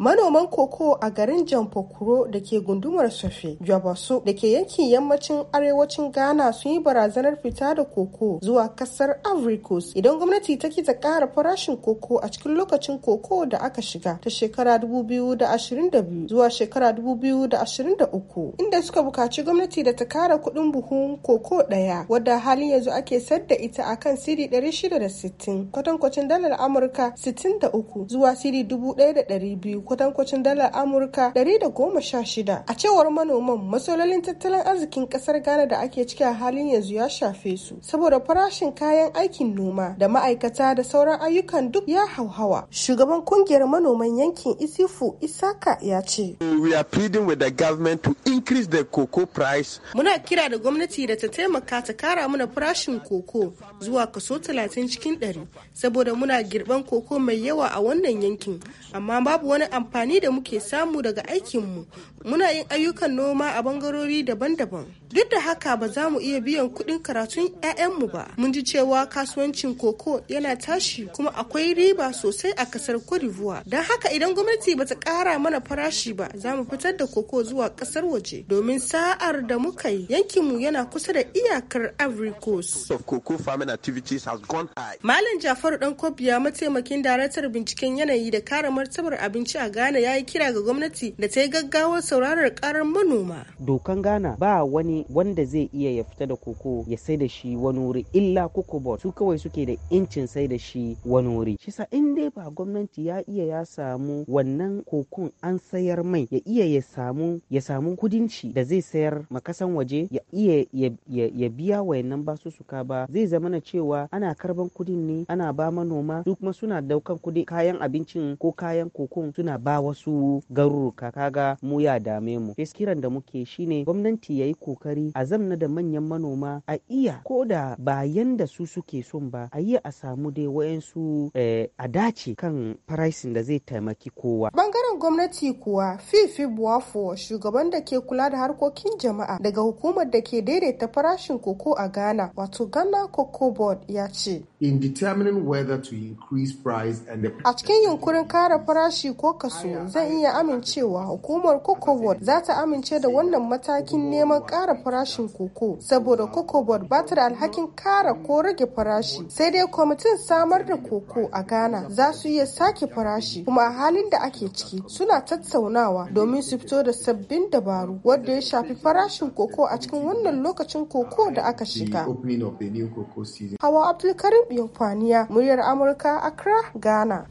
Manoman koko a garin Jamfokuro da ke gundumar Sofe, jabasu da ke yankin yammacin arewacin Ghana sun yi barazanar fita da koko zuwa kasar Ivory idan gwamnati ta ki ta ƙara farashin koko a cikin lokacin koko da aka shiga ta shekara 2022 zuwa shekara 2023 inda suka buƙaci gwamnati da ta kara kuɗin buhun koko ɗaya wadda halin yanzu ake sar da ita a kan siri 660 kwatankwacin dalar Amurka 63 zuwa siri 1200 kwatankwacin dalar amurka 116 a cewar manoman matsalolin tattalin arzikin kasar ghana da ake ciki a halin yanzu ya shafe su saboda farashin kayan aikin noma da ma'aikata da sauran ayyukan duk ya hauhawa shugaban kungiyar manoman yankin isifu isaka ya ce we are pleading with the government to increase the cocoa price muna kira da gwamnati da ta taimaka ta kara mana farashin koko zuwa kaso 30 cikin 100 saboda muna girban koko mai yawa a wannan yankin amma babu wani amfani da muke samu daga aikinmu muna yin ayyukan noma a bangarori daban-daban duk da haka ba za mu iya biyan kuɗin karatun 'ya'yanmu ba mun ji cewa kasuwancin koko yana tashi kuma akwai riba sosai a kasar cote don haka idan gwamnati ba ta ƙara mana farashi ba za mu fitar da koko zuwa ƙasar waje domin sa'ar da muka yi yankinmu yana kusa da iyakar ivory coast malam jafaru dan kobiya mataimakin daratar binciken yanayi da kare martabar abinci a gana ya yi kira ga gwamnati da ta yi gaggawar sauraron karar manoma. Dokan Ghana ba wani wanda zai iya ya fita da koko ya sai da shi wani wuri illa kokobot su kawai suke da incin sai da shi wani wuri. sa in dai ba gwamnati ya iya ya samu wannan kokon an sayar mai ya iya ya samu ya samu kudinci da zai sayar makasan waje ya iya ya biya wayannan basussuka ba zai zama na cewa ana karban kudin ne ana ba manoma su kuma suna daukan kudi kayan abincin ko kayan kokon suna ba wasu garuruka kaga mu ya dame mu kiran da muke shine gwamnati yayi kokari a zamna da manyan manoma a iya ko da ba yanda su suke son ba a yi a samu dai wayansu eh, a dace kan pricing da zai taimaki kowa bangaren gwamnati kuwa fifi buwafo shugaban da ke kula da harkokin jama'a daga hukumar da ke daidaita farashin koko a ghana wato ghana cocoa board ya ce in determining whether to increase price and the... a cikin yunkurin kare farashi ko kansu zan iya amincewa hukumar kokobot za ta amince da wannan matakin neman kara farashin koko saboda kokobot ba ta da alhakin kara ko rage farashi sai dai kwamitin samar da koko a ghana za su iya sake farashi kuma a halin da ake ciki suna tattaunawa domin su fito da sabbin dabaru wanda ya shafi farashin koko a cikin wannan lokacin koko da aka shiga hawa abdulkarim yankwaniya muryar amurka accra ghana